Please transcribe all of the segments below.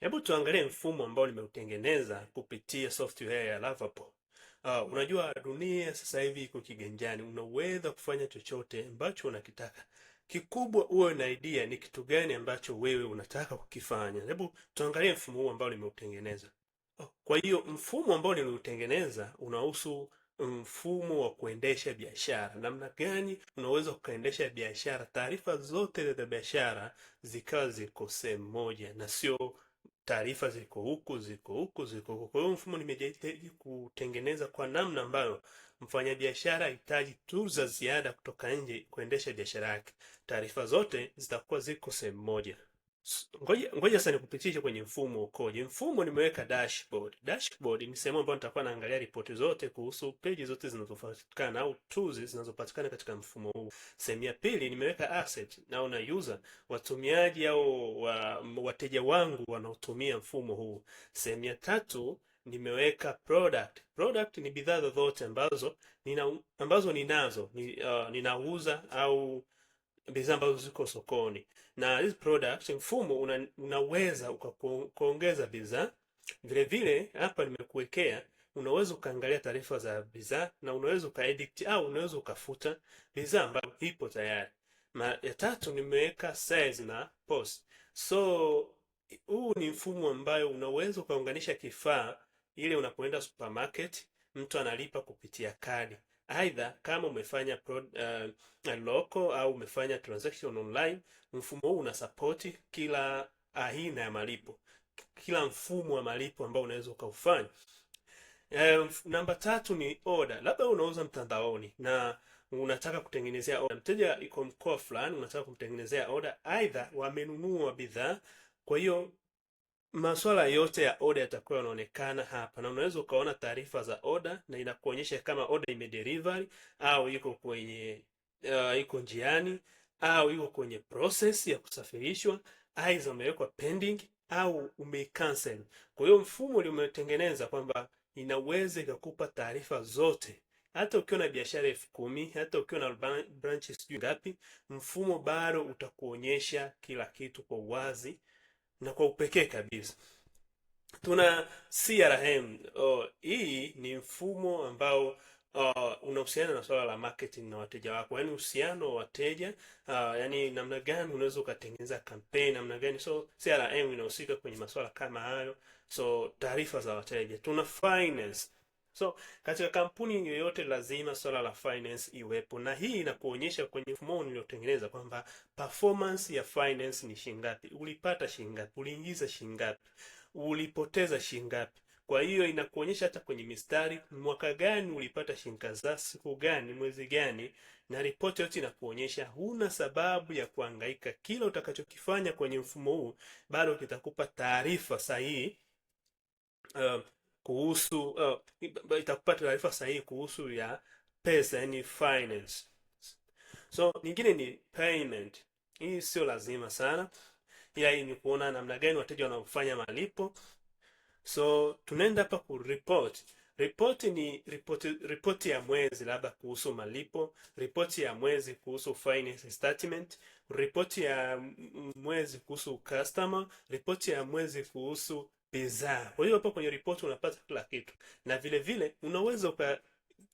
Hebu tuangalie mfumo ambao nimeutengeneza kupitia software ya Lovable. Uh, ah, unajua dunia sasa hivi iko kiganjani, unaweza kufanya chochote ambacho unakitaka. Kikubwa uwe na idea ni kitu gani ambacho wewe unataka kukifanya. Hebu tuangalie mfumo huu ambao nimeutengeneza. Oh, kwa hiyo mfumo ambao niliutengeneza unahusu mfumo wa kuendesha biashara. Namna gani unaweza kuendesha biashara, taarifa zote za biashara zikawa ziko sehemu moja na sio taarifa ziko huku ziko huku ziko huku. Kwa hiyo mfumo nimejaribu kutengeneza kwa namna ambayo mfanyabiashara hahitaji tu za ziada kutoka nje kuendesha biashara yake, taarifa zote zitakuwa ziko sehemu moja. Ngoja ngoja sasa nikupitishe kwenye mfumo ukoje. Mfumo nimeweka dashboard. Dashboard ni sehemu ambayo nitakuwa naangalia ripoti zote kuhusu peji zote zinazopatikana au tools zinazopatikana katika mfumo huu. Sehemu ya pili nimeweka asset au user, watumiaji au wa, wateja wangu wanaotumia mfumo huu. Sehemu ya tatu nimeweka product. Product ni bidhaa zozote ambazo nina ambazo ninazo ni, uh, ninauza au bidhaa ambazo ziko sokoni, na hizi product mfumo una, unaweza ukakuongeza bidhaa vile vile. Hapa nimekuwekea unaweza ukaangalia taarifa za bidhaa na unaweza ukaedit au unaweza ukafuta bidhaa ambayo ipo tayari. ma ya tatu nimeweka size na post. So huu ni mfumo ambayo unaweza ukaunganisha kifaa ile unapoenda supermarket, mtu analipa kupitia kadi. Aidha, kama umefanya pro, uh, eh, local au umefanya transaction online, mfumo huu unasapoti kila aina ya malipo, kila mfumo wa malipo ambao unaweza ukaufanya. Um, namba tatu ni order. Labda unauza mtandaoni na unataka kutengenezea order. Mteja iko mkoa fulani, unataka kumtengenezea order, aidha wamenunua bidhaa, kwa hiyo Masuala yote ya oda yatakuwa yanaonekana hapa, na unaweza ukaona taarifa za oda na inakuonyesha kama oda imedeliver au iko kwenye uh, iko njiani au iko kwenye process ya kusafirishwa, aidha umewekwa pending au umecancel. Kwa hiyo mfumo uliotengeneza kwamba inaweza ikakupa taarifa zote, hata ukiwa na biashara elfu kumi hata ukiwa na branches sijui ngapi, mfumo bado utakuonyesha kila kitu kwa uwazi na kwa upekee kabisa tuna CRM. Oh, hii ni mfumo ambao Uh, unahusiana na swala la marketing na wateja wako, yani uhusiano wa wateja uh, yani namna gani unaweza ukatengeneza kampeni namna gani. So CRM inahusika kwenye masuala kama hayo, so taarifa za wateja. Tuna finance So katika kampuni yoyote lazima swala la finance iwepo, na hii inakuonyesha kwenye mfumo niliotengeneza kwamba performance ya finance ni shingapi, ulipata shingapi, uliingiza shingapi, ulipoteza shingapi. Kwa hiyo inakuonyesha hata kwenye mistari, mwaka gani ulipata za siku gani, mwezi gani, na ripoti yote inakuonyesha. Huna sababu ya kuangaika kila utakachokifanya kwenye mfumo huu bado kitakupa taarifa sahihi. Uh, kuhusu uh, itakupa taarifa sahihi kuhusu ya pesa, yani finance. So nyingine ni payment. Hii sio lazima sana, ya hii ni kuona namna gani wateja wanaofanya malipo. So tunaenda hapa ku report. Report ni report ya mwezi, labda kuhusu malipo, report ya mwezi kuhusu finance statement, report ya mwezi kuhusu customer, report ya mwezi kuhusu bidhaa. Kwa hiyo hapo kwenye ripoti unapata kila kitu, na vile vile unaweza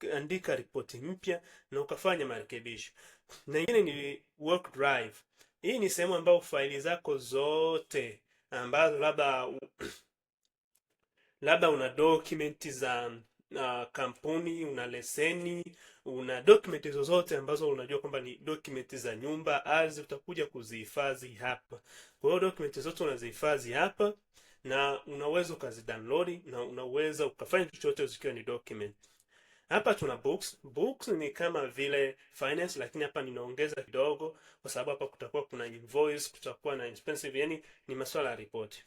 ukaandika ripoti mpya na ukafanya marekebisho. Na nyingine ni work drive. Hii ni sehemu ambayo faili zako zote ambazo labda labda una dokumenti za uh, kampuni, una leseni, una dokumenti zozote ambazo unajua kwamba ni dokumenti za nyumba, ardhi, utakuja kuzihifadhi hapa. Kwa hiyo dokumenti zote unazihifadhi hapa na unaweza ukazidownload na unaweza ukafanya chochote zikiwa ni document. Hapa tuna books. Books ni kama vile finance, lakini hapa ninaongeza kidogo, kwa sababu hapa kutakuwa kuna invoice, kutakuwa na expensive, yani ni masuala ya ripoti.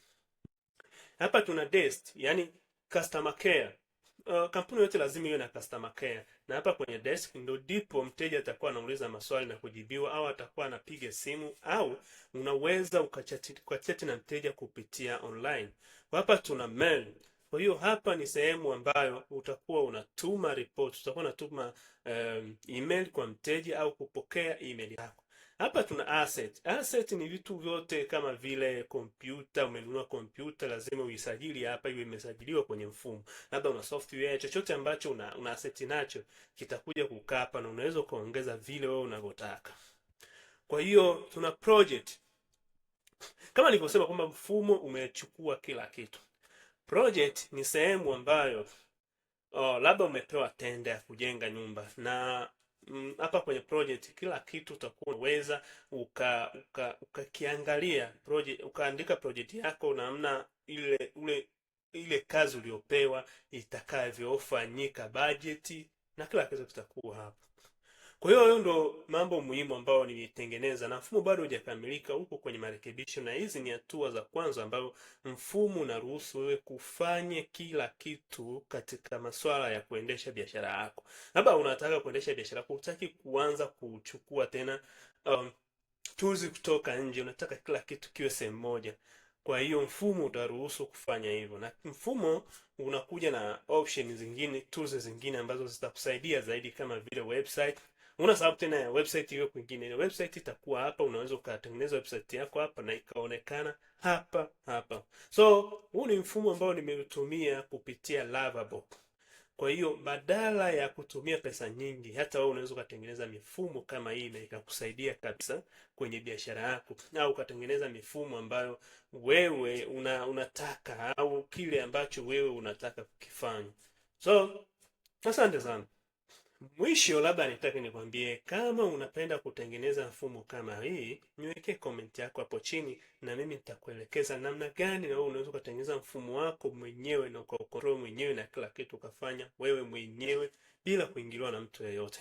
Hapa tuna desk, yani customer care uh, kampuni yote lazima iwe na customer care, na hapa kwenye desk ndo ndipo mteja atakuwa anauliza maswali na kujibiwa, au atakuwa anapiga simu, au unaweza ukachati na mteja kupitia online. Hapa tuna mail. Kwa hiyo hapa ni sehemu ambayo utakuwa unatuma report, utakuwa unatuma um, email kwa mteja au kupokea email yako. Hapa tuna asset. Asset ni vitu vyote kama vile kompyuta. Umenunua kompyuta, lazima uisajili hapa, iwe imesajiliwa kwenye mfumo, labda una software, chochote ambacho una, una asset nacho kitakuja kukaa hapa, na unaweza kuongeza vile wewe unavyotaka. Kwa hiyo tuna project, kama nilivyosema kwamba mfumo umechukua kila kitu. Project ni sehemu ambayo oh, labda umepewa tenda ya kujenga nyumba na Mm, hapa kwenye project kila kitu utakuwa unaweza ukakiangalia uka, uka project ukaandika project yako namna ile ule ile kazi uliopewa itakavyofanyika, bajeti na kila kitu kitakuwa hapo. Kwa hiyo hayo ndo mambo muhimu ambayo nilitengeneza, na mfumo bado hujakamilika, huko kwenye marekebisho, na hizi ni hatua za kwanza ambayo mfumo unaruhusu wewe kufanye kila kitu katika masuala ya kuendesha biashara yako. Labda unataka kuendesha biashara yako, utaki kuanza kuchukua tena um, tools kutoka nje, unataka kila kitu kiwe sehemu moja. Kwa hiyo mfumo utaruhusu kufanya hivyo, na mfumo unakuja na option zingine, tools zingine ambazo zitakusaidia zaidi kama vile website Una sababu tena ya website hiyo kwingine. Website itakuwa hapa, unaweza ukatengeneza website yako hapa na ikaonekana hapa hapa. So huu ni mfumo ambao nimeutumia kupitia Lovable. Kwa hiyo badala ya kutumia pesa nyingi, hata wewe unaweza ukatengeneza mifumo kama hii na ikakusaidia kabisa kwenye biashara yako, au ukatengeneza mifumo ambayo wewe una, unataka au kile ambacho wewe unataka kukifanya. So asante sana. Mwisho labda nitaki nikwambie, kama unapenda kutengeneza mfumo kama hii, niweke komenti yako hapo chini, na mimi nitakuelekeza namna gani na wewe unaweza ukatengeneza mfumo wako mwenyewe na ukaukontrol mwenyewe na kila kitu ukafanya wewe mwenyewe bila kuingiliwa na mtu yeyote.